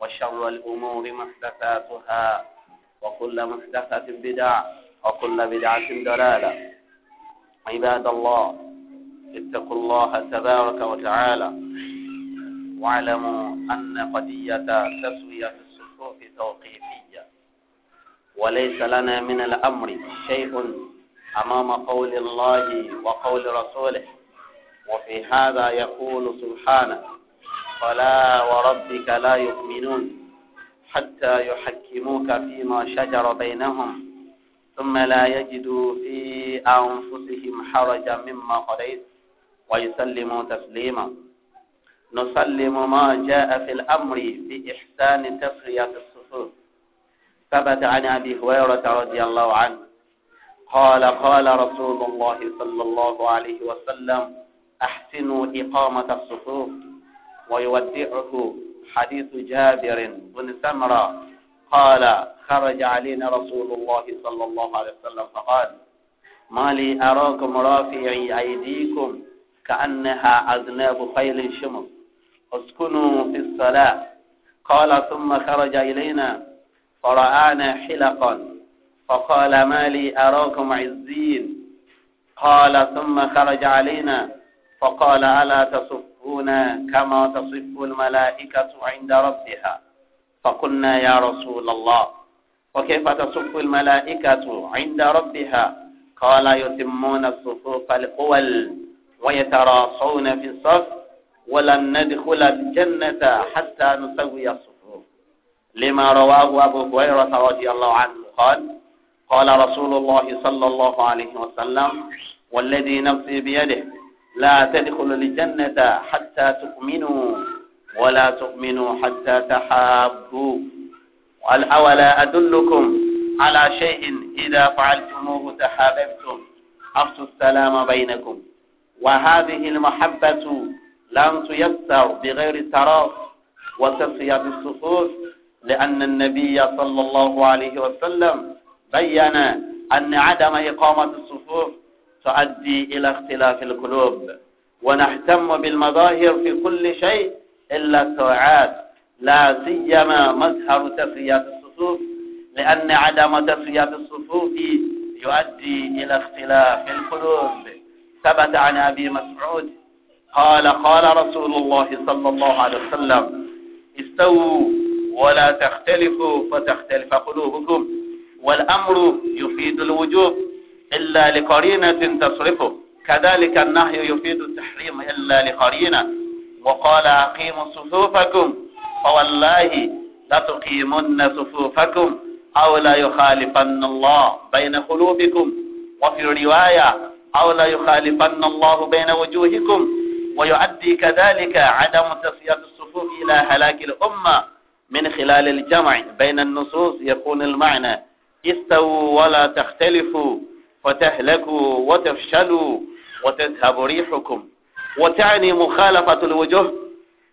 وشر الأمور محدثاتها وكل محدثة بدع وكل بدعة دلالة عباد الله اتقوا الله تبارك وتعالى واعلموا أن قضية تسوية الصفوف توقيفية وليس لنا من الأمر شيء أمام قول الله وقول رسوله وفي هذا يقول سبحانه فلا وربك لا يؤمنون حتى يحكموك فيما شجر بينهم ثم لا يجدوا في أنفسهم حرجا مما قضيت ويسلموا تسليما نسلم ما جاء في الأمر بإحسان تفرية الصفوف ثبت عن أبي هريرة رضي الله عنه قال قال رسول الله صلى الله عليه وسلم أحسنوا إقامة الصفوف ويودعه حديث جابر بن سمرة قال خرج علينا رسول الله صلى الله عليه وسلم فقال ما لي أراكم رافعي أيديكم كأنها أذناب خيل شمس اسكنوا في الصلاة قال ثم خرج إلينا فرآنا حلقا فقال ما لي أراكم عزين قال ثم خرج علينا فقال ألا تصفون يصفون كما تصف الملائكة عند ربها فقلنا يا رسول الله وكيف تصف الملائكة عند ربها قال يتمون الصفوف القول ويتراصون في الصف ولن ندخل الجنة حتى نسوي الصفوف لما رواه أبو هريرة رضي الله عنه قال قال رسول الله صلى الله عليه وسلم والذي نفسي بيده لا تدخلوا الجنة حتى تؤمنوا ولا تؤمنوا حتى تحابوا ولا أدلكم على شيء إذا فعلتموه تحاببتم أخشوا السلام بينكم وهذه المحبة لن تيسر بغير تراب وتصفية الصفوف لأن النبي صلى الله عليه وسلم بين أن عدم إقامة الصفوف تؤدي إلى اختلاف القلوب ونهتم بالمظاهر في كل شيء إلا الطاعات لا سيما مظهر تسرية الصفوف لأن عدم تسرية الصفوف يؤدي إلى اختلاف القلوب ثبت عن أبي مسعود قال قال رسول الله صلى الله عليه وسلم استووا ولا تختلفوا فتختلف قلوبكم والأمر يفيد الوجوب إلا لقرينة تصرفه كذلك النهي يفيد التحريم إلا لقرينة وقال أقيموا صفوفكم فوالله لتقيمن صفوفكم أو لا يخالفن الله بين قلوبكم وفي رواية أو لا يخالفن الله بين وجوهكم ويؤدي كذلك عدم تصفية الصفوف إلى هلاك الأمة من خلال الجمع بين النصوص يكون المعنى استووا ولا تختلفوا فتهلكوا وتفشلوا وتذهب ريحكم وتعني مخالفة الوجوه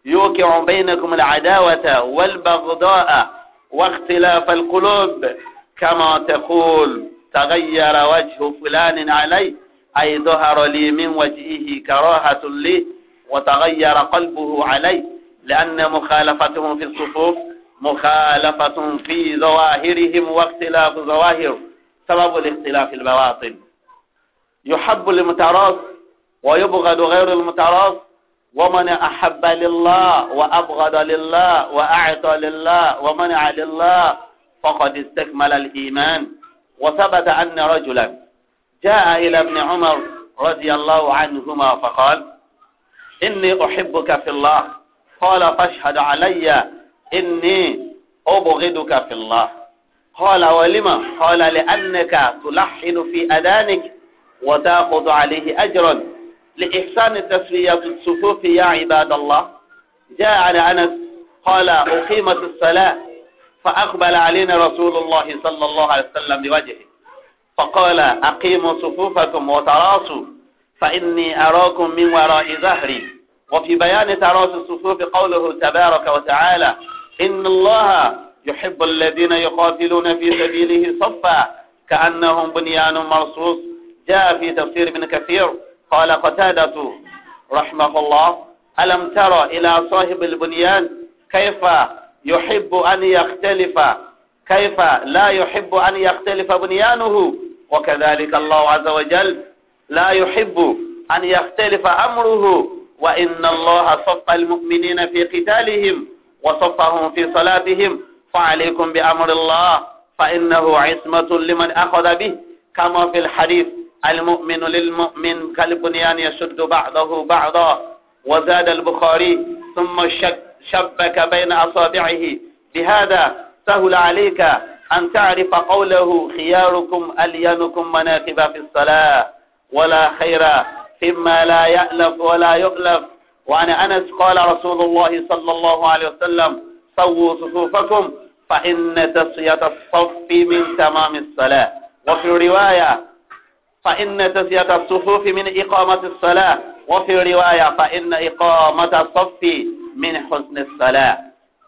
يوقع بينكم العداوة والبغضاء واختلاف القلوب كما تقول تغير وجه فلان علي أي ظهر لي من وجهه كراهة لي وتغير قلبه علي لأن مخالفتهم في الصفوف مخالفة في ظواهرهم واختلاف ظواهر سبب الاختلاف البواطن يحب المتراص ويبغض غير المتراص ومن أحب لله وأبغض لله وأعطى لله ومنع لله فقد استكمل الإيمان وثبت أن رجلا جاء إلى ابن عمر رضي الله عنهما فقال إني أحبك في الله قال فاشهد علي إني أبغضك في الله قال ولما قال لأنك تلحن في أذانك وتأخذ عليه أجرا لإحسان تسوية الصفوف يا عباد الله جاء على أنس قال أقيمت الصلاة فأقبل علينا رسول الله صلى الله عليه وسلم بوجهه فقال أقيموا صفوفكم وتراصوا فإني أراكم من وراء ظهري وفي بيان تراص الصفوف قوله تبارك وتعالى إن الله يحب الذين يقاتلون في سبيله صفا كأنهم بنيان مرصوص جاء في تفسير ابن كثير قال قتادة رحمه الله ألم ترى إلى صاحب البنيان كيف يحب أن يختلف كيف لا يحب أن يختلف بنيانه وكذلك الله عز وجل لا يحب أن يختلف أمره وإن الله صف المؤمنين في قتالهم وصفهم في صلاتهم فعليكم بأمر الله فإنه عصمة لمن أخذ به كما في الحديث المؤمن للمؤمن كالبنيان يشد بعضه بعضا وزاد البخاري ثم شبك بين أصابعه بهذا سهل عليك أن تعرف قوله خياركم ألينكم مناكب في الصلاة ولا خير فيما لا يألف ولا يؤلف وعن أنس قال رسول الله صلى الله عليه وسلم سووا صفوفكم فإن تصية الصف من تمام الصلاة وفي رواية فإن تصية الصفوف من إقامة الصلاة وفي رواية فإن إقامة الصف من حسن الصلاة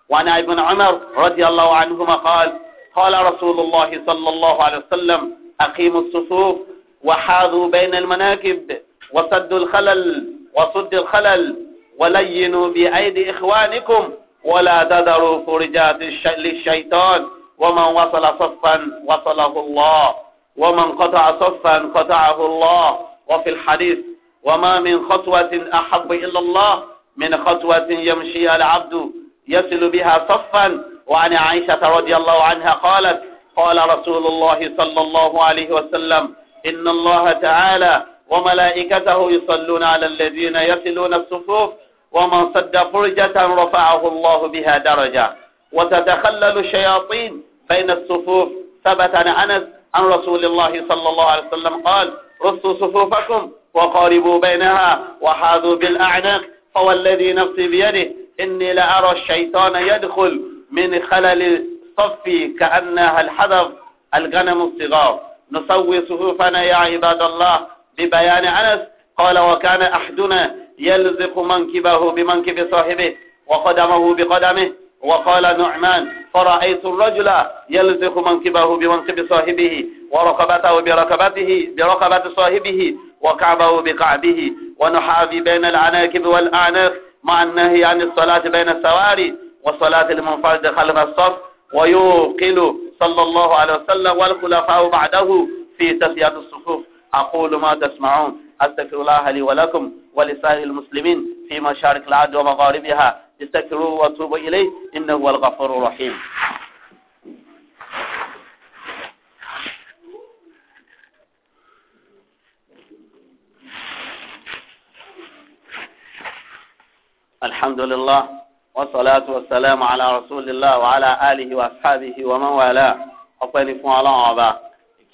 وعن ابن عمر رضي الله عنهما قال قال رسول الله صلى الله عليه وسلم أقيموا الصفوف وحاذوا بين المناكب وسدوا الخلل وصد الخلل ولينوا بأيدي إخوانكم ولا تذروا فرجات للشيطان ومن وصل صفا وصله الله ومن قطع صفا قطعه الله وفي الحديث وما من خطوة أحب إلا الله من خطوة يمشي العبد يصل بها صفا وعن عائشة رضي الله عنها قالت قال رسول الله صلى الله عليه وسلم إن الله تعالى وملائكته يصلون على الذين يصلون الصفوف ومن صد فرجة رفعه الله بها درجة وتتخلل الشياطين بين الصفوف ثبت عن أنس عن رسول الله صلى الله عليه وسلم قال رصوا صفوفكم وقاربوا بينها وحاذوا بالأعناق فوالذي نفسي بيده إني لأرى الشيطان يدخل من خلل الصف كأنها الحذف الغنم الصغار نسوي صفوفنا يا عباد الله ببيان أنس قال وكان أحدنا يلزق منكبه بمنكب صاحبه وقدمه بقدمه وقال نعمان فرأيت الرجل يلزق منكبه بمنكب صاحبه ورقبته برقبته برقبة صاحبه وكعبه بكعبه ونحافي بين العناكب والأعناق مع النهي عن الصلاة بين السواري وصلاة المنفرد خلف الصف ويوقل صلى الله عليه وسلم والخلفاء بعده في تسيات الصفوف أقول ما تسمعون أستغفر الله لي ولكم ولسائر المسلمين في مشارق العدو ومغاربها استغفروه وتوبوا إليه إنه هو الغفور الرحيم الحمد لله والصلاة والسلام على رسول الله وعلى آله وأصحابه ومن والاه ọpẹ́ ni fún ọlọ́run ọba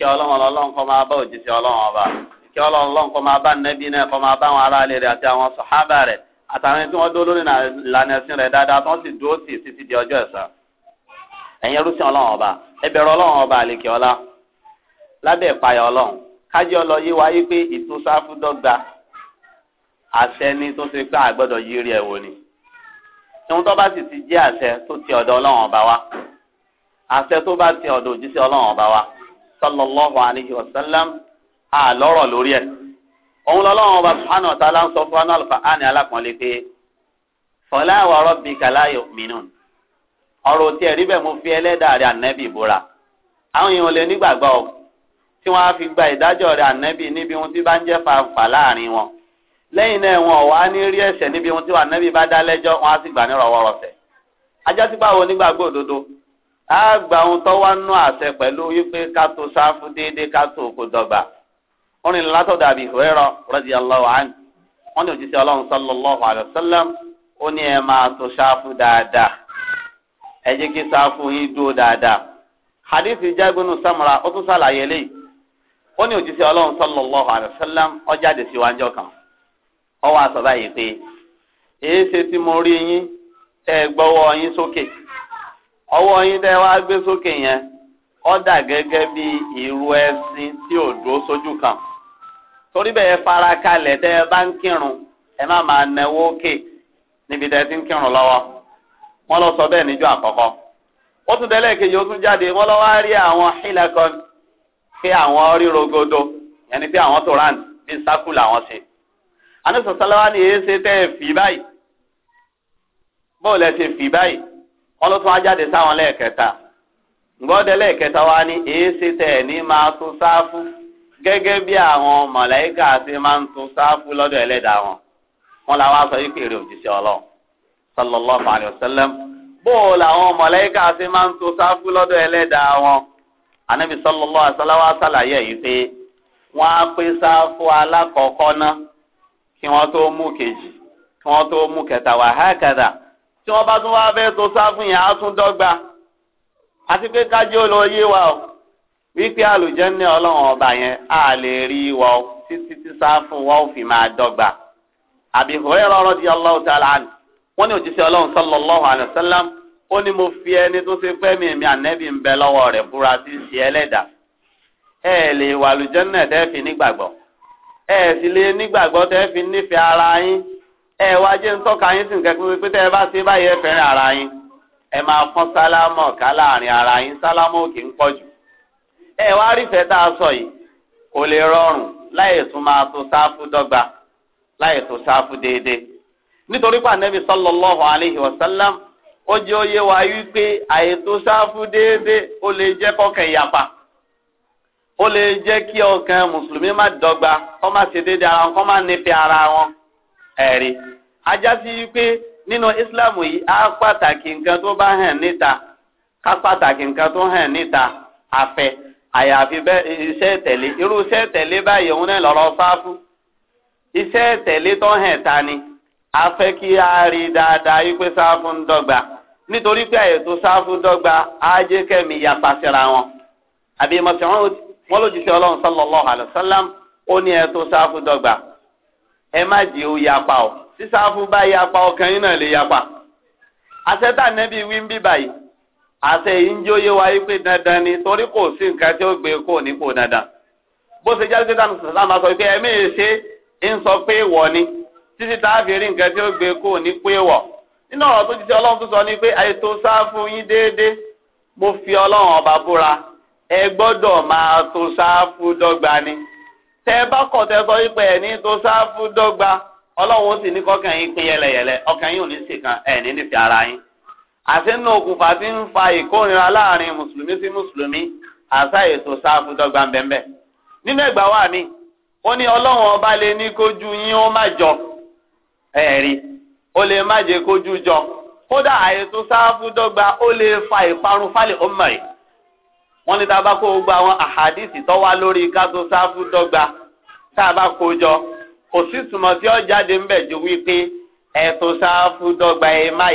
الله ọlọ́run ọlọ́run kọ́ máa bá kí ọlọ́run lọ́n kọ́ máa bá nẹ́bí náà kọ́ máa bá àwọn ará ilé rẹ̀ àti àwọn sọ̀hábà rẹ̀ àtàwọn tí wọ́n dó lórí ìlànà ẹ̀sìn rẹ̀ dáadáa tó ń sì dúró sí títí di ọjọ́ ẹ̀san ẹ̀yin ẹrú sí ọlọ́run ọba ẹ bẹ̀rù ọlọ́run ọba àlèkè ọlá lábẹ́ ìpayà ọlọ́run kájí ọlọ yé wa yí pé ìtòsáfù dọ́gba àṣẹ ni tó ṣe pé àgbọ́dọ̀ yí ẹ̀wò ni ìhun tó bá sì ti jẹ́ àṣẹ tó ti ọ̀dọ̀ ọlọ́run ọba wa àṣẹ tó bá ti ọ̀dọ̀ òjíṣẹ́ ọlọ́run ọba wa sallallahu alaihi wasallam a lọ́rọ̀ lórí ẹ̀ òun lọ́lọ́run ọba subhanahu wa ta'ala ń sọ fún anú àlùfáàní alákùnrin pé fọlá wa rabbika la yu'minun ọ̀rọ̀ tí ẹ̀rí bẹ́ẹ̀ mo fi ẹlẹ́dàá rẹ̀ ànẹ́bì búra àwọn èèyàn lè nígbàgbọ́ ọ tí wọ́n á fi gba ìdájọ́ rẹ̀ ànẹ́bì níbi ohun tí bá ń jẹ́ fàǹfà láàrin wọn lẹ́yìn náà wọn ò wá ní rí ẹ̀ṣẹ̀ níbi ohun tí wà ànẹ́bì bá dá lẹ́jọ́ wọn á sì gbà ní ajá tí báwo nígbàgbọ́ òdodo á gba ohun tó wá nú àṣẹ pẹ̀lú wípé ká tó sáfù déédéé ká tó òkú dọ́gba wọ́n ní látọ̀dọ̀ àbí ìhòòrò radiyallahu anhu wọ́n ní òjíṣẹ́ ọlọ́run sallallahu alaihi wasallam ó ní ẹ máa tò ṣáfù dáadáa ẹ kí ṣáfù yín dúró dáadáa Hadithi jagunu Samara, ó tún sallallahu alaihi wasallam ọ jáde desi wájú ọkàn ó wá sọ báyìí pé èyí ṣe tí mo rí yín ẹ yín sókè yín wá gbé sókè yẹn dà bí irú tí ò sójú torí bẹ́ẹ̀ fara kalẹ̀ tẹ́ ẹ bá ń kírun ẹ má máa nẹwó òkè níbi tẹ́ ẹ ti ń kírun lọ́wọ́ wọ́n lọ sọ bẹ́ẹ̀ níjọ́ àkọ́kọ́ ó tún délé kejì ó tún jáde wọ́n lọ́wọ́ rí àwọn pé àwọn ni pé àwọn tó bí sákùl àwọn ṣe ni èé ṣe tẹ́ ẹ fì báyìí bó lẹ ti fì báyìí wọ́n ló tún wá jáde sáwọn lẹ́ẹ̀kẹta lẹ́ẹ̀kẹta ni èé ṣe tẹ́ ẹ ní máa gẹ́gẹ́ bí àwọn mọ̀lẹ́kà ṣe máa ń tún sáfù lọ́dọ̀ ẹlẹ́dàá wọn wọn la wá sọ yìí pé òjíṣẹ́ ọlọ́run sallallahu làwọn mọ̀lẹ́kà ṣe máa ń tún sáfù lọ́dọ̀ ẹlẹ́dàá anabi sàlàyé yìí pé á sáfù alákọ̀ọ́kọ́ náà kí tó mú kejì kí tó mú kẹta wà tí bá tún wá fẹ́ sáfù yẹn á tún dọ́gba àti pé wípé ní ọlọ́run ọba yẹn a lè rí wa títí tí sáfún wa ó fi máa dọ́gba. Abi Hurairah wọ́n ní òjíṣẹ́ ọlọ́run sallallahu ó ní mo fi ẹni tó ṣe pẹ́ mi mi ànẹ́bí ń bẹ rẹ̀ sí ṣe ẹlẹ́dà. ẹ lè fi nígbàgbọ́ ẹ wá rí ìfẹ́ tá a sọ yìí kò lè rọrùn láì tún máa tó sáfù dọ́gba láì tó sáfù déédéé nítorí pé ànábì sallallahu alaihi wasallam ó jẹ́ òye wa wípé àìtó sáfù déédéé ó lè jẹ́ kọ́kàn ìyapa ó lè jẹ́ kí ọkàn mùsùlùmí má dọ́gba kó má ṣe déédéé ara wọn ma má ara wọn ẹ̀rí ajá sí wípé nínú ìsìláàmù yìí á pàtàkì nǹkan tó bá hàn níta ká pàtàkì nǹkan tó hàn àyàfi bẹ iṣẹ́ tẹ̀lé irú iṣẹ́ tẹ̀lé báyìí òun náà lọrọ sáfù iṣẹ́ tẹ̀lé tó hẹ̀ ta ni a fẹ́ kí a rí dáadáa yí pé dọ́gba nítorí pé tó sáfù dọ́gba á jẹ́ kẹ́mi wọn àbí wọn ó o bá yapa ọkàn yín náà lè yapa àṣẹ tá wí ń àtẹ̀yìn ń jóye wa yí pé dandan ni torí kò sí nǹkan tí ó gbé kò ní kò dandan bó ṣe jáde sọ pé ẹ̀mí ṣe ń sọ pé wọ̀ ni títí tá a fi rí nǹkan tí ó gbé mo fi ọlọ́run ọba búra ẹ gbọ́dọ̀ máa tó ni tẹ sọ ní tó dọ́gba ọlọ́run ó sì ní kọ́kàn yín pín yẹlẹyẹlẹ ọkàn yín ò ara yín àti nínú okùnfà tí ń fa ìkórira láàrin mùsùlùmí sí mùsùlùmí àṣà ètò sáfù dọ́gba bẹ́ẹ̀ nínú ẹgbà wà mí ó ní ọlọ́run ọba lè ní kójú yín ó má jọ ẹ̀rí ó lè má jẹ kójú jọ kódà àìtó sáfù dọgba ó lè fa ìparun fálẹ̀ ó mọ̀ ẹ́ wọ́n ní kó gba àwọn àhàdìsì tó wá jọ kò sí ìtumọ̀ tí jáde ń bẹ̀ ju wípé sáfù ẹ má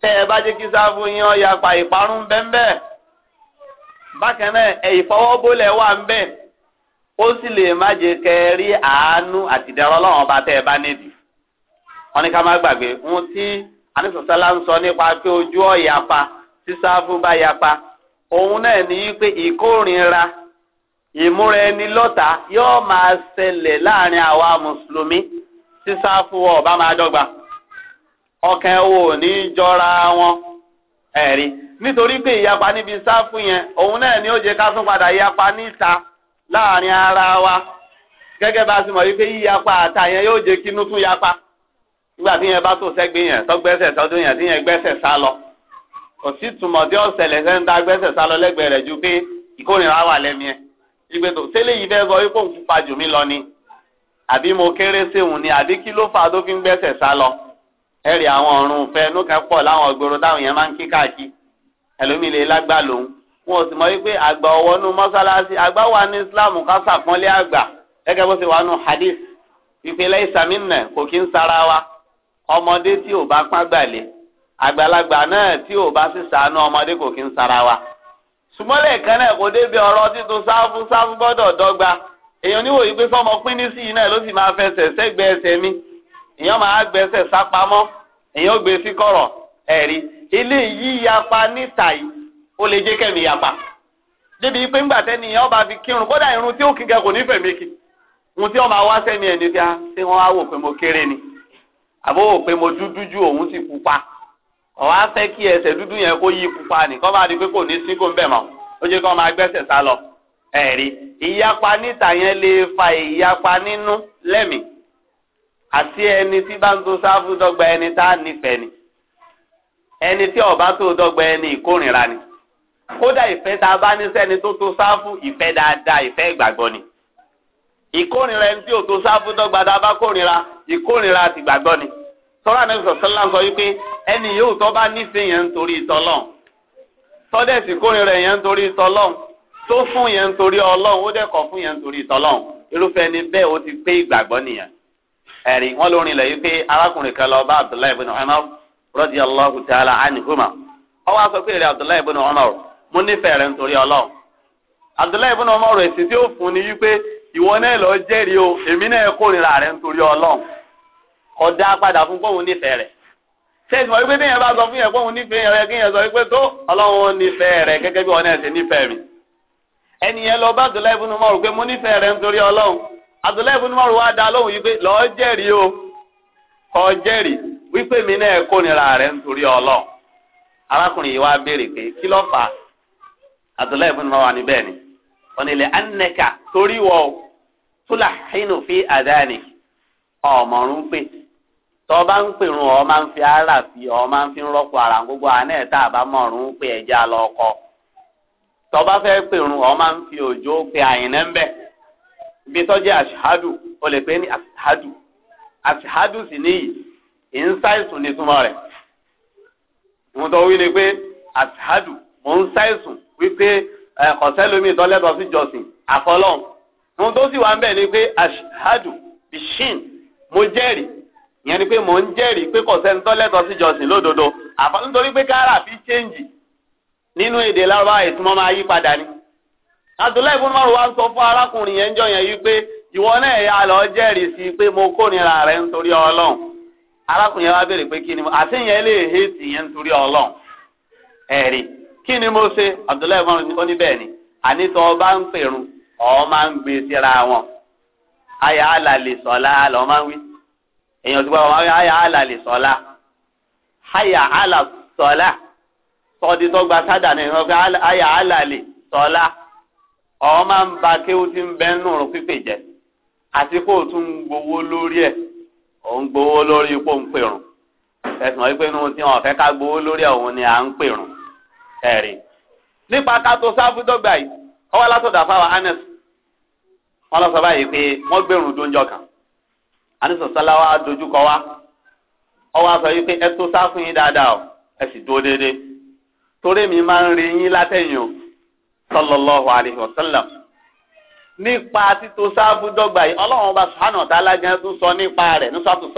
tẹ ẹ bá jẹ́ kí sáfù pa ìparun bẹ́ẹ̀ bákan náà ẹ ìfọwọ́bólẹ̀ wà ń bẹ̀ ó sì lè má àánú àti ọba ẹ bá nídìí wọn ká má gbàgbé ohun tí pa tí sáfù bá ya pa òun náà ní pé ìmúra ẹni yóò máa ṣẹlẹ̀ láàrin àwa mùsùlùmí ọba máa dọ́gba. ọkàn wo ní jọra wọn ẹ̀rí nítorí pé ìyapa níbi sáfù yẹn òun náà ni ó jẹ ká tún padà yapa níta láàrin ara wa gẹ́gẹ́ bá a ti mọ̀ wípé yíyapa àtà yẹn yóò jẹ kínú tún yapa nígbà tí yẹn bá tó sẹ́gbẹ́ yẹn tọ́gbẹ́sẹ̀ tọ́dún yẹn tí yẹn gbẹ́sẹ̀ sá lọ kò sí tùmọ̀ tí ọ̀sẹ̀lẹ̀ fẹ́ ń da gbẹ́sẹ̀ sá lọ lẹ́gbẹ̀ẹ́ rẹ̀ ju pé ìkórìíra wà lẹ́mi ẹ̀ ìgbé tó tẹ́lẹ̀ yìí fẹ́ sọ wípé òun pupa jù mí lọ ni àbí mo kéré séhun ni àbí kí ló fà á tó fi ń gbẹ́sẹ̀ sá lọ ẹ̀rì àwọn ọ̀run fẹ́ lókè pọ̀ láwọn ọgbọ̀rọ̀ táwọn yẹn máa ń kí káàkiri ẹlòmíì lè lágbà lòun wọn ò sì mọ wípé àgbà ọwọ́ nu mọ́sálásí àgbà wà ní Islam ká sàpọ́nlé àgbà gẹ́gẹ́ bó ṣe wà nù hadith ìpínlẹ̀ ìsàmìnà kò kí ń sara wa ọmọdé tí ò bá pàgbàlẹ̀ àgbàlagbà náà tí ò bá sì sànú ọmọdé kò kí ń sara wa. sùmọ́lẹ̀ kan náà kò débi ọ̀rọ̀ títún sáfù sáfù gbọ́dọ̀ dọ́gba èèyàn níwò yìí pé sọmọ pín ní sí iná ló sì máa fẹsẹ̀ sẹ́gbẹ̀ẹ́ ẹsẹ̀ èèyàn máa gbẹ́sẹ̀ sápamọ́ èèyàn gbé e sí kọ̀rọ̀ ẹ̀rí ilé yíyapa níta yìí ó lè jẹ́ kẹ́mi yapa débi pé ńgbà tẹ́ni yẹn ọba fi kírun bọ́dà irun tí ó kí kẹ́ kò nífẹ̀ẹ́ mi kí ohun tí wọ́n máa wá sẹ́mi ẹni tí ah, wọ́n á wò pé mo kéré ni àbó wò pé mo dúdú ju òun sì pupa ọ̀wá fẹ́ kí ẹsẹ̀ dúdú yẹn kó yí pupa nìkan bá di pé kò ní sí kó ń bẹ̀ mọ́ ó jẹ́ kó máa gbẹ́sẹ̀ sá lọ ẹ̀rí ìyapa níta yẹn lè fa ìyapa nínú lẹ́mìí àti ẹni tí bá ń to sáfù dọ́gba ẹni tá a nífẹ̀ẹ́ ni ẹni tí ọba tó dọ́gba ẹni ìkórìíra ni kódà ìfẹ́ tá a bá ní sẹ́ni tó to sáfù ìfẹ́ dáadáa ìfẹ́ ìgbàgbọ́ ni ìkórìíra ẹni tí ò to sáfù dọ́gba tá a bá kórìíra ìkórìíra àti ìgbàgbọ́ ni tọ́lá ní sọ̀tọ́lá sọ wípé ẹni yóò tọ́ bá nífẹ̀ẹ́ yẹn nítorí ìtọ́lọ́n tọ́dẹ̀sì kórìíra yẹn nítorí ìtọ́lọ́n tó fún yẹn nítorí ọlọ́run ó dẹ̀kọ̀ fún yẹn nítorí ìtọ́lọ́run irúfẹ́ ni bẹ́ẹ̀ ó ti pé ìgbàgbọ́ nìyẹn Eri, wọ́n lórin ilẹ̀ yìí pé arákùnrin kan lọ bá abdullahi ibn umar radiyallahu ta'ala anhuma ó wá sọ pé èrè abdullahi mo nífẹ̀ẹ́ rẹ̀ nítorí ọlọ́run abdullahi ibn umar rẹ̀ sì tí ó fún ni wípé ìwọ o èmi na ọlọ. fún yẹn nífẹ̀ẹ́ yẹn kí yẹn sọ wípé tó ọlọ́run nífẹ̀ẹ́ gẹ́gẹ́ bí wọn ṣe nífẹ̀ẹ́ mi ẹnìyẹn lọ bá Abdullahi ibn Umar wá dá lóhùn yìí pé lọ́ọ́ o kọ́ jẹ́rìí wípé mi náà kórìíra rẹ̀ nítorí ọlọ́run arákùnrin yìí wá béèrè pé kí ló fà á ni wọn ilẹ̀ anẹ́ka torí wọ tula hinu fi ọ máa ń fi ara fi ọ máa ń fi rọ́pò ara gbogbo àná ẹ̀ tá a kọ tọ́ bá ọ máa ń fi òjò ibi tó jẹ́ àṣìhádù o lè pè é ní àṣìhádù àṣìhádù sì níyì ìnsáìsùn ní túmọ̀ rẹ̀ ìwọ̀n tó wí ni pé àṣìhádù mò ń sáìsùn wípé ẹ̀kọ́sẹ́ lómi ìtọ́lẹ́tọ̀ sí jọ̀sìn àfọlọ́n ohun tó sì wà ń bẹ̀ ni pé àṣìhádù bishin mo jẹ́rìí ìyẹn ni pé mò ń jẹ́rìí pé kọ̀sẹ́ ń tọ́lẹ́tọ̀ sí jọ̀sìn lódodo àfọlọ́n nítorí pé kára fi ṣéǹjì nínú èdè lárúbáwá ìtumọ̀ máa yí padà ni Abdullahi ibùn wa sọ fún arákùnrin yẹn jọ yẹn yìí pé ìwọ náà ya lọ jẹ́rìí sí pé mo kórìíra rẹ nítorí Ọlọ́run arákùnrin yẹn wá béèrè pé kí ni mo àti yẹn lè hẹ́ẹ̀tì yẹn nítorí Ọlọ́run ẹ̀rí kí ni mo ṣe Abdullahi ni ọba ń pèrún ọ̀ máa ń gbé síra wọn àlàlè máa ń wí èèyàn ti gbọ́dọ̀ àlàlè àlà tó gba sádà àlàlè ọ máa ń ba kéwú tí ń bẹ́ nù rún pípè jẹ àti kó o tún ń gbowó lórí ẹ̀ ò ń gbowó lórí ipò ń pè rùn ẹ̀sùn tí wọn fẹ́ ká gbowó lórí ẹ̀ ni à ń pè ẹ̀rí. nípa kátó sáfúdọ́gba ọwọ́ látọ̀dà fáwọn anes dojúkọ wa sọ ẹ tó sáfún yín dáadáa ẹ sì dúró déédéé mi máa ń rí yín látẹ̀yìn o. sallallahu alayhi nípa títò sáàbù yìí ọlọ́run ọba subhanahu wa ala tún sọ nípa rẹ ní sọ́tù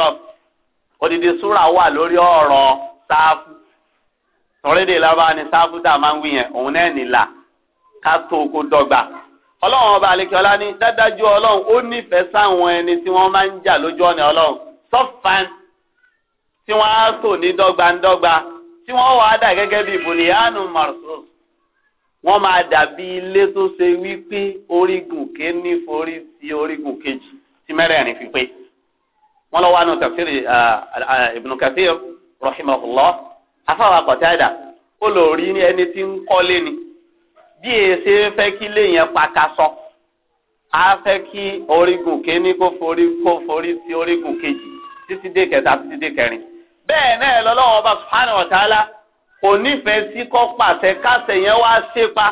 odidi súra wà lórí ọ̀rọ̀ sáàfù sọ̀rẹ́dẹ̀ lábá ni sáàfù máa ń wí yẹn òun náà nìlà ká tó kó ọba ní dádájú ó sáwọn ẹni tí máa ń jà lójú ọ̀nà tí á tò ní wọ́n máa dàbí ilé tó ṣe wípé orígun kéènì forí ti orígun kejì tí mẹ́rẹ̀ẹ̀rin fi pé wọ́n lọ wá nù tafsir Ibn Kathir rahimahullah afáwa Qatada ó lò rí ní ẹni tí ń kọ́lé ni bí èsè e fẹ́ kí lè yẹn pakasọ á fẹ́ kí orígun kéènì kó forí kó forí ti orígun kejì títí dé kẹta títí dé kẹrin bẹ́ẹ̀ náà lọ́lọ́wọ́ bá subhanahu wa ta'ala kò nífẹ̀ẹ́ sí kọ́ pàṣẹ kásẹ̀ yẹn wá ṣépa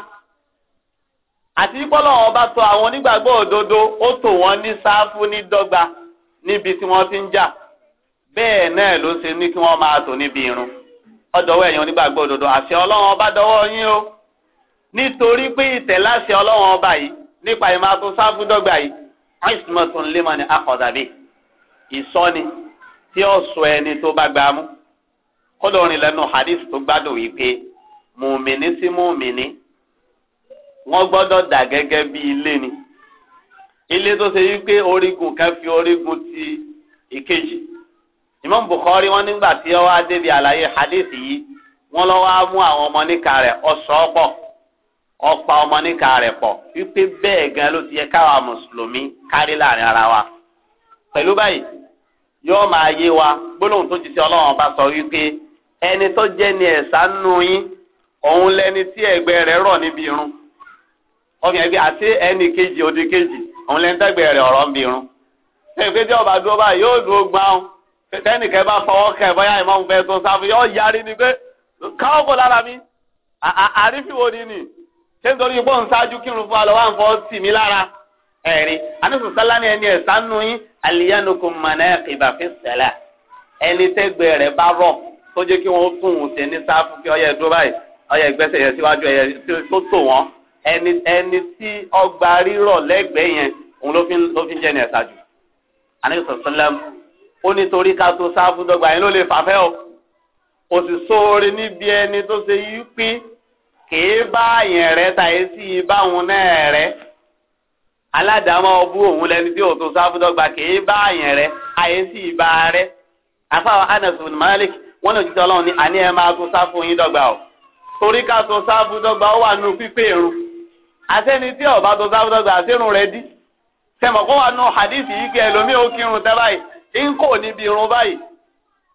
àti pọ́lọ́ ọba tó àwọn onígbàgbọ́ òdodo ó tò wọ́n ní sáfù ní dọ́gba níbi tí wọ́n ti ń jà bẹ́ẹ̀ náà ló ṣe ní kí wọ́n máa tò níbi irun ọdọ̀wọ́ ẹ̀yin onígbàgbọ́ òdodo àṣẹ ọlọ́run ọba dọwọ́ yín o nítorí pé ìtẹ̀láṣẹ ọlọ́run ọba yìí nípa ìmọ̀ àtún sáfù dọ́gba yìí christmas ń lé mọ́ akọ̀dàbí ìsọ́ni tí ó ẹni tó bá gbámú kódà orin lẹ́nu hadith tó gbádùn wípé mùmíní sí mùmíní wọ́n gbọ́dọ̀ dà gẹ́gẹ́ bí ilé ni ilé tó ṣe wípé orígun kan fi orígun ti ìkejì Imam Bukhari wọ́n nígbà tí ó wá débi àlàyé hadith yìí wọ́n lọ wá mú àwọn ọmọ níka rẹ̀ ọ̀sọ́ pọ̀ ọ̀pá ọmọ níka rẹ̀ pọ̀ wípé bẹ́ẹ̀ gan ló ti yẹ káwa mùsùlùmí kárí láàrin ara wa pẹ̀lú báyìí yóò máa yé wa gbólóhùn tó ti ṣe ọlọ́run ọba sọ wípé ẹni tó jẹ́ ni ẹ̀sà nù yín òun lẹni tí ẹ̀gbẹ́ rẹ̀ rọ̀ níbi irun ọmọ ẹgbẹ́ àti ẹni kejì odi kejì òun lẹni tẹ́gbẹ́ rẹ̀ ọ̀rọ̀ níbi irun ṣé ìpè tí ọba dúró báyìí yóò dúró gbáhùn tẹ́nìkẹ́ bá fọwọ́ kẹ̀ bọ́yá ìmọ̀ ń fẹ́ tó sáfù yóò yarí ni pé káwọ́ kò lára mi àrífíwò ni nì ṣé nítorí pé òun ṣáájú kírun fún alọ́ wà ń fọ́ tì mí lára ẹ̀rí anísùsálá ni ẹni ẹ̀sà nù yín àlìyánu kò mọ̀ náà ìbàfẹ́ sẹ́lá ẹni tẹ́gbẹ́ rẹ̀ bá rọ̀ tó jẹ́ kí wọ́n tún un ṣe ní sáfù kí ọyẹ dúró báyìí ọyẹ gbẹ́sẹ̀ yẹn síwájú ẹyẹ tó tò wọ́n ẹni ẹni tí ọgbà rírọ̀ lẹ́gbẹ̀ẹ́ yẹn òun ló fi ló fi jẹ́ ní ẹ̀sà jù. àníkè sọ̀tọ́lẹ́m ó nítorí ká tó sáfù dọ́gba yẹn ló lè fàfẹ́ o kò sì sóore níbi ẹni tó ṣe yí pín kìí bá àyàn rẹ tàyè sí i báwọn náà rẹ aládàámọ̀ ọbú òun lẹni tí òtún sáfù dọ́gba kìí bá àyàn rẹ àyè sí i bá rẹ àfàwọn Anas bin Malik wọn lè jíjọ́ ọlọ́run ní àní ẹ máa tún sáfù yín dọ́gba o torí ká tún sáfù dọ́gba ó wà nínú pípé irun àtẹni tí ó bá sáfù dọgba àtẹrun rẹ dí tẹmọ̀ kó wà nínú hadith yìí kí ẹlòmíì ó kírun irun báyìí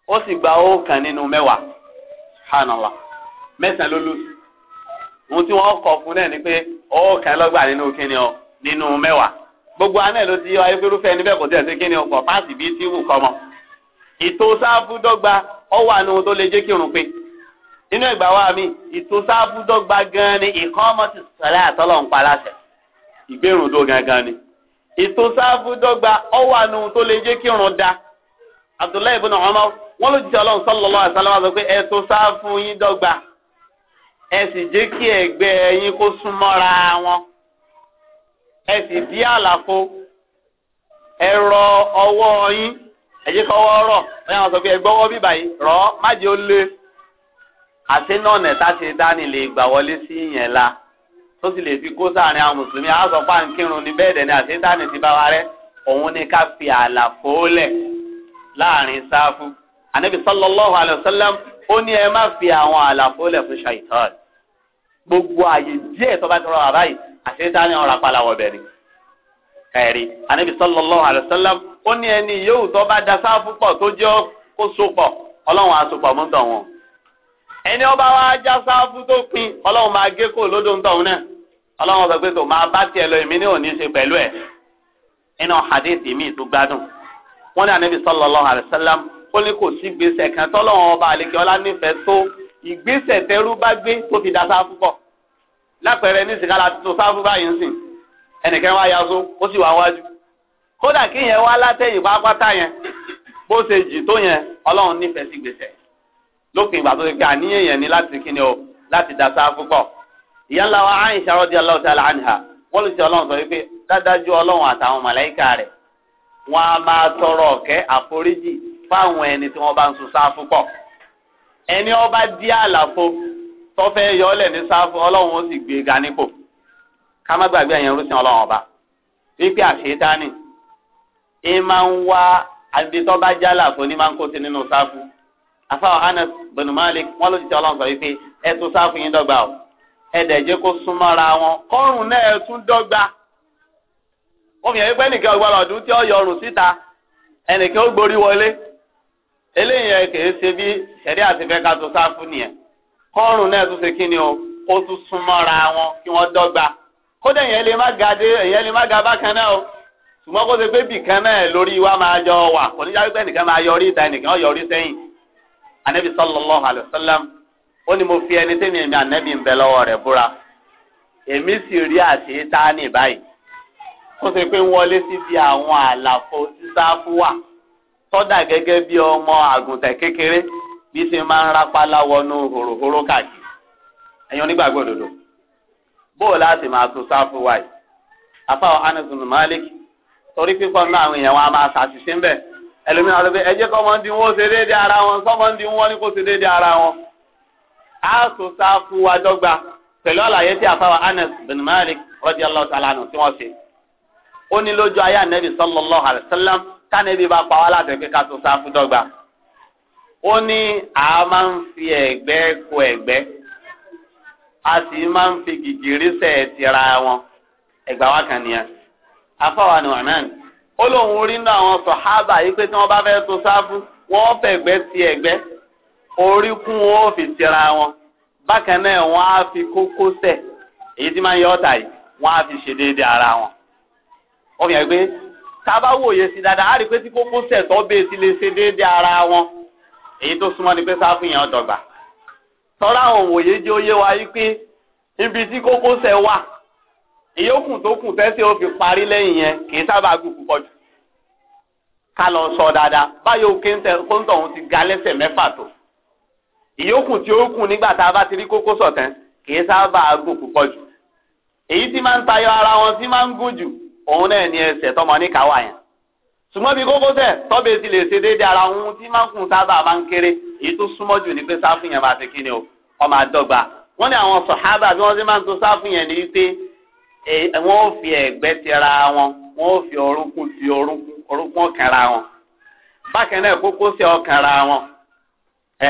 ó sì gba nínú hànàlá ló lù ohun tí fún náà ni pé ọ nínú gbogbo ló ti yọ ayé ẹni kò sí kíni bíi ìtò sáfù dọ́gba ní ohun tó lè jẹ́ kí irun pé nínú ìgbà wa mi ìtò sáfù dọ́gba gan ni ìkan ọmọ ti sọ̀rọ̀ àtọ́lọ̀ ń paláṣẹ ìgbérùn tó gangan ni da Abdullahi wọn ló jíjẹ sọ pé ètò sáfù yín dọ́gba ẹ sì jẹ́ kí yín kó wọn ẹ sì àlàfo ẹ̀rọ ọwọ́ yín. ẹ̀jẹ̀ kọ́ wọ́ rọ̀ wọ́n yà wọ́n sọ pé ẹgbọ́wọ́ bíbà yìí rọ̀ má jẹ́ ó lé àti náà nẹ̀ta ṣe dání lè gbà wọlé sí yẹn la tó sì lè fi kó sáàrin àwọn mùsùlùmí àwọn sọ pé à ń kírun ní bẹ́ẹ̀ dẹ̀ ni àti dání ti bá wa rẹ́ òun ni ká fi àlàfo lẹ̀ láàrin sáfù ànábì sallallahu alaihi wasallam ó ní ẹ má fi àwọn àlàfo lẹ̀ fún ṣàìtàn gbogbo àyè díẹ̀ tó bá ti rọ àbáyé àti dání ọ̀rọ̀ apálá bẹ̀rẹ̀ ẹ̀rí ànábì sallallahu alaihi wasallam ó ní ẹni yóò tó bá da sáfù pọ̀ tó jẹ́ kó so pọ̀ ọlọ́run á so pọ̀ mú tọ̀hún. ẹni ọba wa já sáfù tó pin ọlọ́run máa gé kó lódò ń tọ̀hún náà ọlọ́run sọ pé tó máa bá tiẹ̀ lọ èmi ní òní ṣe pẹ̀lú ẹ̀ iná hadith mi tó gbádùn. wọ́n ní ànábì sallallahu alaihi wasallam ó ní kò sí gbèsè kan tọ́lọ́run ọba àlekè ọlá nífẹ̀ẹ́ tó ìgbésẹ̀ tẹrú bá gbé tó fi da sáfù pọ̀ lápẹẹrẹ ní ìsìnkálà tó sáfù báyìí ń sìn ẹnìkan wá yaso ó sì wá wájú kódà kí yẹn wá látẹ̀yìn pápátá yẹn bó ṣe jì tó yẹn ọlọ́run nífẹ̀ẹ́ sí gbèsè lópin ìgbà tó ṣe pé àníyàn yẹn ni láti kí ni o láti dá sáà púpọ̀ ìyá ńlá wa Aisha radiyallahu ta'ala anha wọ́n lè ṣe ọlọ́run sọ wípé dájú ọlọ́run àtàwọn màláìka rẹ̀ wọ́n á máa tọrọ ọ̀kẹ́ àforíjì fáwọn ẹni tí wọ́n bá ń sun sáà púpọ̀ ẹni ọba dí àlàfo tọ́fẹ́ yọọlẹ̀ ní sáfù ọlọ́run ó sì gbé e ga nípò ká má gbàgbé ẹ̀yẹn rúṣin ọlọ́run ọba wípé àṣetáni ẹ máa ń wá àbítọ́ bá jálà fún ní máa ń kó sí Anas bin Malik wọn ló ti tẹ Ọlọ́run sọ wípé ẹ tó sáfù yín dọ́gba o ẹ dẹ̀ jẹ́ kó súnmọ́ra wọn kọ́rùn náà ẹ tún dọ́gba wọ́n fi hàn wípé ẹnìkan ọgbọ́n ọdún tí ó yọ ọrùn síta ẹnìkan ó gborí wọlé eléyìí kìí ṣe bí ṣẹ̀rí àti ká tó sáfù nìyẹn kọ́rùn náà tún ṣe kí ni o ó tún súnmọ́ra wọn kí wọ́n dọ́gba kódà ìyẹn lè má ga dé ìyẹn lè má ga bákan náà o ṣùgbọ́n kó ṣe pé bìkan náà lórí wa máa jọ wà kò ní jáwé pé nìkan máa yọrí ìta nìkan ó yọrí sẹ́yìn anabi sallallahu alayhi wa sallam ó ní mo fi ẹni tẹ́mi ẹ̀mí anabi ń bẹ lọ́wọ́ rẹ̀ búra èmi sì rí àṣẹ tání báyìí ó ṣe pé ń wọlé síbi àwọn àlàfo sísáfù wà tọ́dà gẹ́gẹ́ bí ọmọ àgùntàn kékeré bí ṣe máa ń rápálá wọnú hòròhóró káàkiri ẹ̀yin onígbàgbọ́ òdodo bóò láti máa tún sáfù wáyé afáwọn Anas torí pípọ̀ nínú àwọn èèyàn wọn a máa ṣàṣìṣe ń bẹ̀ ẹlòmíràn ló fi ẹjẹ́ kọ́ mọ́ ń di wọ́n ṣe déédéé ara wọn sọ́mọ́ ń di wọ́n ní kó ṣe déédéé ara wọn. a sọ sáfù wa dọ́gba pẹ̀lú àlàyé tí àfáwà Anas bin Malik radiyallahu ta'ala anhu tí wọ́n ṣe. ó ní lójú ayé ànẹ́bì sallallahu alaihi wasallam bá pa wá láti pé ká sọ sáfù dọ́gba. ó ní a máa ń fi ẹ̀gbẹ́ kó ẹ̀gbẹ́ a sì máa ń fi gìgìrísẹ̀ tira wọn ẹ̀gbà wákàn nìyẹn. afọwà nùmán ó lóun orí nínú àwọn sọ̀hábà yìí pé tí wọ́n bá fẹ́ so sáfù wọ́n fẹ̀gbẹ́ ti ẹ̀gbẹ́ orí kún wọn ó tira wọn bákan náà wọ́n á fi kókósẹ̀ èyí tí máa ń yọ ọ́tà yìí wọ́n á fi ṣe ara wọn. ó fi hàn pé tá a bá sí dáadáa á rí tí tó lè ṣe ara wọn èyí tó súnmọ́ ni pé sáfù yẹn ọ̀dọ̀gbà. tọ́lá òwòye jẹ́ wa ibi tí wà ìyókù tó kù tẹ́sí ó fi parí lẹ́yìn yẹn kì í sábà gùn púpọ̀ jù ká lọ sọ dáadáa báyọ̀ kóńtọ̀ òun ti ga lẹ́sẹ̀ mẹ́fà tó ìyókù tí ó kù nígbà tá a bá ti rí kókó sọ̀tẹ́ kì í sábà gùn púpọ̀ èyí tí máa ń tayọ ara wọn tí máa ń gùn jù òun náà ni ẹsẹ̀ tọmọ ní káwá yẹn ṣùgbọ́n bí kókó sẹ̀ tọ́bẹ̀ ti lè ṣe déédéé ara òun tí máa ń kùn sábà máa ń kéré o ọmọ àdọ́gba wọ́n ní àwọn sọ̀hábà bí wọ́n ti máa wọ́n ó fi ẹ̀gbẹ́ tira wọn wọ́n ó fi orúnkún ti orúnkún orúnkún ọ̀kànra wọn bákan náà kókósẹ̀ ọ̀kànra wọn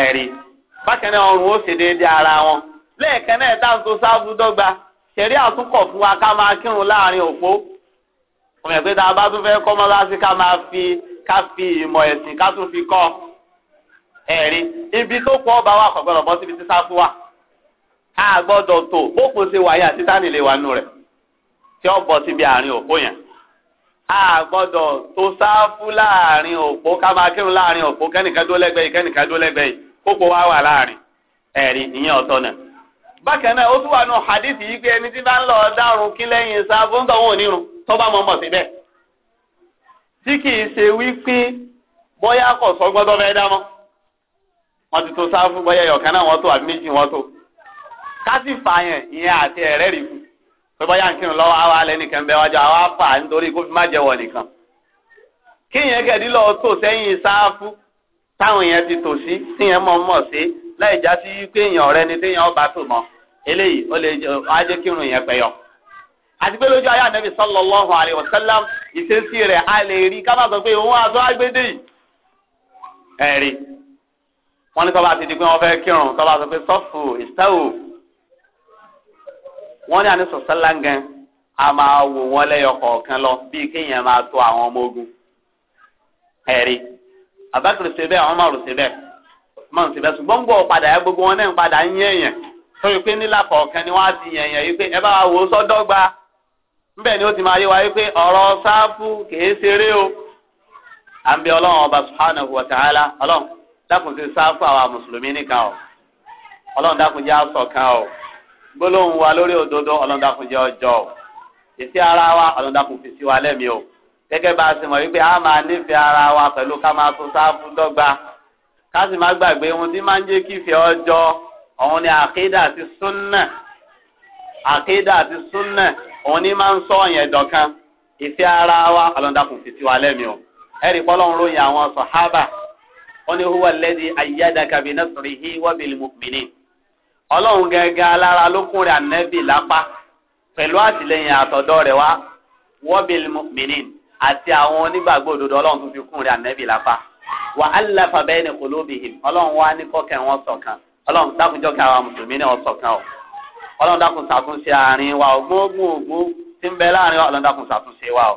ẹ̀rí bákan náà ọrùn ó ṣe déédéé ara wọn lẹ́ẹ̀kan náà tá à ń tó sáfù dọ́gba ṣẹ̀rí àtúnkọ̀ fún wa ká máa kírun láàrin òpó ọmọ ẹgbẹ́ tá a bá tún fẹ́ kọ́ mọ́ láti ká máa fi ká fi ìmọ̀ ẹ̀sìn ká tún fi kọ́ ẹ̀rí ibi tó pọ̀ ọba wa kọ̀gbọ́dọ̀ bọ́ síbi tí sáfù wà á gbọ́dọ̀ tó bó kò ṣe wáyé àti tánilé wa nù rẹ̀. tí ó bọ́ síbi àárín òpó yẹn a gbọ́dọ̀ tó sáfù láàrin òpó ká máa kírun láàrin òpó kẹ́nìkan lẹ́gbẹ̀ẹ́ yìí kẹ́nìkan dó yìí kókó wá wà láàrin ẹ̀rí ìyẹn ọ̀tọ̀ náà bákan náà ó tún wà nù yìí pé ẹni tí bá ń lọ dárun kí sáfù ń onírun tó bá náà tó pé bọ́yá ń kírun lọ́wọ́ àwa alẹ́ nìkan bẹ́ẹ̀ wájú àwa fà á nítorí kó fi má jẹ́wọ̀ nìkan kíyẹn kẹ̀dí lọ tò sẹ́yìn sáfù táwọn yẹn ti tò sí tíyẹn mọ̀ mọ̀ sí láì já sí pé èèyàn ọ̀rẹ́ ni téèyàn ọba tò mọ́ eléyìí ó lè ajé kírun yẹn pẹ̀yọ. àti pé lójú ayé ànábì sallallahu alaihi wasallam ìṣesí rẹ̀ a lè rí ká má sọ pé òun àtọ́ agbédè yìí. ẹ̀rí wọ́n ní tọ́ba wọ́n ní àní sọ̀sẹ́lá gan a máa wò wọ́n lẹ́yọ kọ̀ọ̀kan lọ bíi kéèyàn máa tó àwọn ọmọ ogun ẹ̀rí abakiri àwọn gbogbo wọn náà ń padà ń torí pé nílà ni á ti yẹ̀yẹ̀ yìí pé ẹ bá wò ó ni ó ti máa yé wa pé ọ̀rọ̀ sáfù kìí ṣeré o bẹ ọlọ́run ti sáfù àwa mùsùlùmí nìkan ọlọ́run dákun jẹ́ àṣọ kan gbólóhùn wa lórí òdodo ọlọ́dàkùn jẹ́ ọjọ́ o ìsí ara wa ọlọ́dàkùn fi sí wa lẹ́mìí o gẹ́gẹ́ bá a ṣe mọ̀ wípé a máa nífẹ̀ẹ́ ara wa pẹ̀lú ká máa tún sáfù dọ́gba ká sì má gbàgbé ohun tí máa ń jẹ́ kí ìfẹ́ ọjọ́ òun ni àkídà àti súnnà àkídà àti súnnà òun ni máa ń sọ ọ̀yàn ẹ̀dọ̀kan ìfẹ́ ara wa ọlọ́dàkùn fi sí wa lẹ́mìí o ẹ̀rí pọ́lọ́run ròyìn àwọn sàhábà ó ní huwa alladhi ayyadaka bi nasrihi wa bil mu'minin ọlọ́run gẹ́gẹ́ alára lókùnrin ànẹ́bì lápá pẹ̀lú àtìlẹyìn àtọ̀dọ́ rẹ̀ wá wọ́bìlì mìíràn àti àwọn onígbàgbọ́ òdodo ọlọ́run tó fi kùnrin ànẹ́bì lápá wà á lè fà bẹ́ẹ̀ ni kò lóbi hìm ọlọ́run wá ní kọ́kẹ́ wọn ṣọ̀kan ọlọ́run dákunjọ́ kí àwọn mùsùlùmí náà ṣọ̀kan o ọlọ́run dákun ṣàtúnṣe àárín wa ògbóògùn ògún tí ń bẹ láàrin wa ọlọ́run dákun ṣàtúnṣe wa o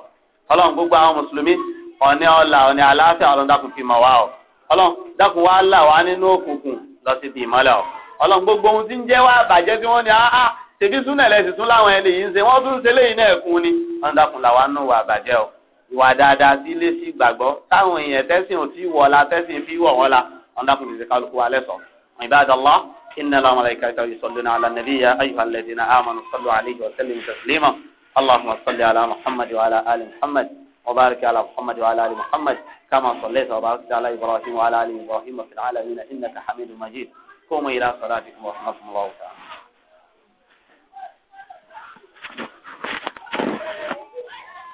ọlọ́run gbogbo àwọn mùsùlùmí ọ̀ní ọ̀la ọ̀ní àlàáfíà ọlọ́run dákun fi mọ̀ wa o ọlọ́run dákun wá là wá nínú òkùnkùn lọ síbi ìmọ́lẹ̀ o ọlọ́run gbogbo ohun tí ń jẹ́ wá bàjẹ́ tí wọ́n ní áá ah, tèmi ah, súnà lẹ́sìn tún láwọn ẹni yìí ń ṣe wọ́n tún ṣe léyìn náà kún ni wọ́n dákun làwa nù wà bàjẹ́ o ìwà dáadáa sí ilé sí gbàgbọ́ táwọn èèyàn tẹ́sìn ò tí ì wọ̀ la tẹ́sìn fi wọ̀ wọ́n la wọ́n dákun lè ṣe kálukú wa lẹ́sọ̀ ibadallah inna la malaikata yusalluna ala nabiyya ayyuhal ladina amanu sallu alayhi wa sallimu taslima allahumma ibrahim wa ala ali ibrahim fil alamin innaka hamidum como irá Sarabik, Rahmatullah.